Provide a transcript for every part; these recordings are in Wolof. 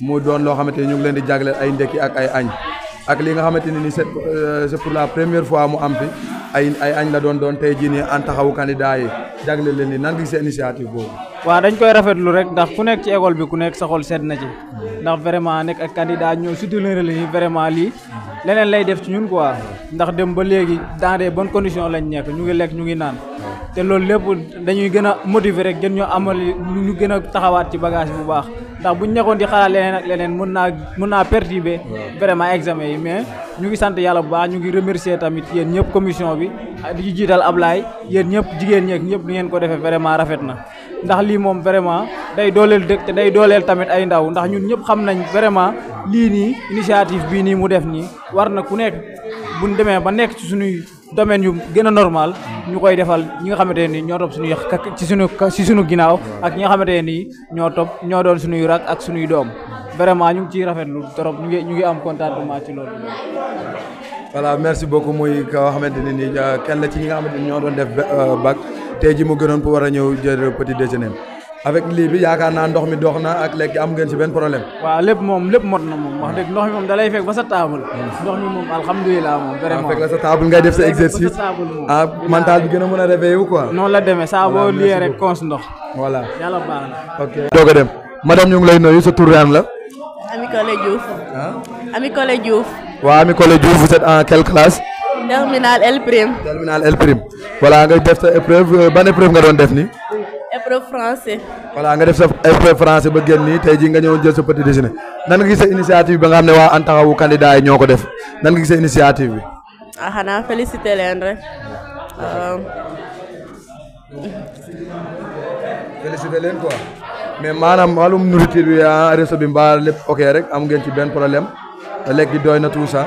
mu doon loo xamante ni ñu ngi leen di jagleel ay ndekki ak ay añ ak li nga xamante ne ni c'est euh, c'est pour la première fois mu am fi ay ay añ la doon doon tey jii nii an taxawu candidat yi jagleel leen ni nan ngi seen boobu. waaw dañ koy rafetlu rek ndax ku nekk ci école bi ku nekk sa xol sedd na ci ndax vraiment nekk ak candidat ñoo soutenir la vraiment lii leneen lay def ci ñun quoi ndax dem ba léegi dans bon bonnes conditions lañ nekk ñu ngi lekk ñu ngi naan. te loolu lépp dañuy gën a motiver rek jën ñoo amal ñu gën a taxawaat ci bagage bu baax ndax buñ nekkoon di xalaat leneen ak leneen mën naa mën naa perturber vraiment examen yi mais ñu ngi sant yàlla bu baax ñu ngi remercier tamit yéen ñëpp commission bi di jiital ablaay yéen ñëpp jigéen ñeeg ñëpp ngeen ko defee vraiment rafet na ndax lii moom vraiment day dooleel dëkk te day dooleel tamit ay ndaw ndax ñun ñëpp xam nañ vraiment lii nii initiative bii nii mu def nii war na ku nekk buñ demee ba nekk ci suñuy domaine yu gëna normal ñu koy defal ñi nga xamanté ni ño top suñu yax ci suñu ci suñu ginaaw ak ñi nga xamanté ni ño top ño doon suñu yu rak ak suñu doom vraiment ñu ngi ci rafetlu torop ñu ngi ñu ngi am contentement ci lool voilà merci beaucoup moy ka xamanté ni kenn la ci ñi nga xamanté ño doon def euh, bac tay ji mu gënon pour wara ñew jël petit déjeuner avec lii bi yaakaar naa ndox mi dox na ak léegi am ngeen si benn problème. waa lépp moom lépp mot na moom wax dëgg ndox mi moom da lay fekk ba sa table. Hmm. ndox mi moom alhamdulilah moom. Ah, vraiment fekk la sa table ngay def sa exercice. ah bi gën a a réveillé wu quoi. noonu la demee saa boo liyee rek cons ndox. voilà yàlla a dem madame ñu ngi lay nuyu sa tur yaan la. Ami Collé Diouf. Ami Collé Diouf. waaw Ami Collé Diouf vous êtes en quelle classe. terminal L prime. terminal L prime. voilà nga def sa épreuve euh, ban épreuve nga doon def nii. épreuve français. voilà nga def sa épreuve français ba génn nii tey jii nga ñëwoon jël sa petit déjeuner nan nga gisee initiative bi nga xam ne On an taxawu candidat yi ñoo ko def nan nga gisee initiative bi. ah xanaa félicité On rek. Euh, félicité leen quoi. mais maanaam wàllum nourriture bi ah, réseau bi mbaa lépp ok rek am ngeen ci On problème lekk gi On tout ça.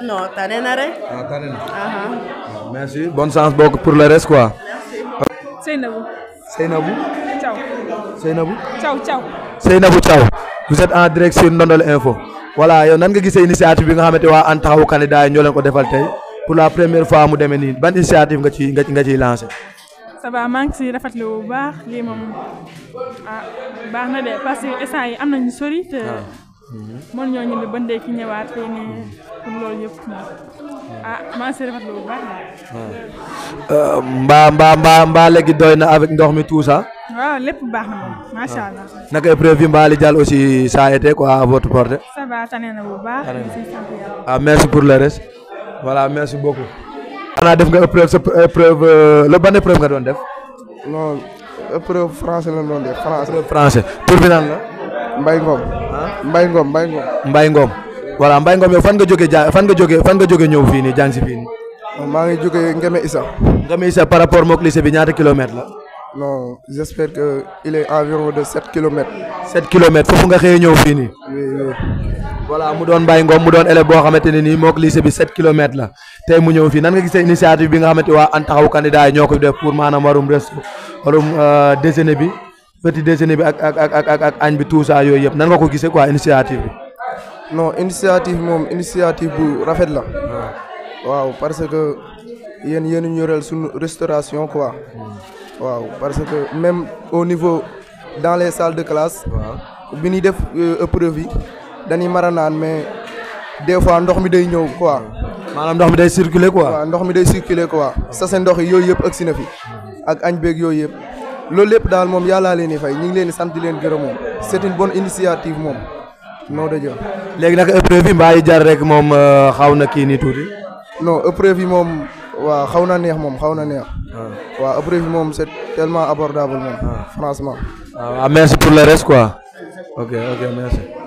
Non, tane na rek. ah tane na. merci bonne chance beaucoup pour le reste quoi. Seynabou. Seynabou. Ciao. Seynabou. Ciao, ciao. Seynabou ciao. vous êtes en direct sur Ndondol Info. voilà yow nan nga gisee initiative bi nga xamante waa an taxawu candidat yi ñoo leen ko defal tey pour la première fois mu demee nii ban initiative nga ci nga ciy lancé. ça va maa ngi ciy rafetlu bu baax lii moom ah baax na de parce que instant yi am nañu sori te. Ah man ñoo ñibbi ba ndékki ñëwaat fii nii pour loolu yëpp ah maa ngi si lu bu baax daal. Euh, mbaa mbaa mbaa mbaa léegi doy na avec ndox mi tout ça. waaw lépp baax na moom macha ah. allah. naka épreuve yi mbaa li jàll aussi ça a été quoi à votre porte. ça va tane na bu baax. ah merci pour le reste. voilà merci beaucoup. xanaa def nga épreuve sa épreuve euh, la ban épreuve nga doon def. non épreuve français la doon def français. épreuve français tur bi nan la. mbay Ngom. Bai Ngom bai Ngom. bai Ngom voilà bai Ngom yow fan nga jóge ja fan nga jóge fan nga jóge ñëw fii nii jàng si fii nii. maa ngi jóge Ngeme Issa. Ngeme Issa par rapport mook lycée bi ñaata kilomètres la. non j' espère que il est environ de sept kilomètres. sept kilomètres foofu nga xëyee ñëw fii nii. voilà mu doon Mbaye Ngom mu doon élève boo xamante ne nii mook lycée bi sept kilomètres la tey mu ñëw fii nan nga gisee initiative bi nga xamante waa an taxaw candidat yi def pour maanaam warum resto warum euh, déjeuner bi. petit déjeuner bi ak ak ak ak ak agne bi tout ça yooyu yëpp nan nga ko gisee quoi initiative bi. non initiative moom initiative bu rafet la. waaw parce que yéen yéen ñu rel suñu restauration quoi. Hmm. waaw parce que même au niveau dans les salles de classe. bi ñuy def euh, épreuve yi dañuy mara naan mais des fois ndox mi day ñëw quoi. maanaam ndox mi day circuler quoi. waaw ndox mi day circuler quoi. sa seen ndox yi yooyu yëpp ëgg na fi. Hmm. ak añ beeg yooyu yëpp. loolu lépp daal moom yàllaa leen di fay ñu ngi leen di sant leen gërëm moom c'est une bonne initiative moom moo de Dieu. léegi nag épreuve yi mbaa jar rek moom euh, xaw na kii nii tuuti. non épreuve yi moom waa xaw na neex moom xaw na neex. Ah. waaw après yi moom set tellement abordable moom. Ah. franchement. waaw ah, merci pour le reste quoi. ok ok merci.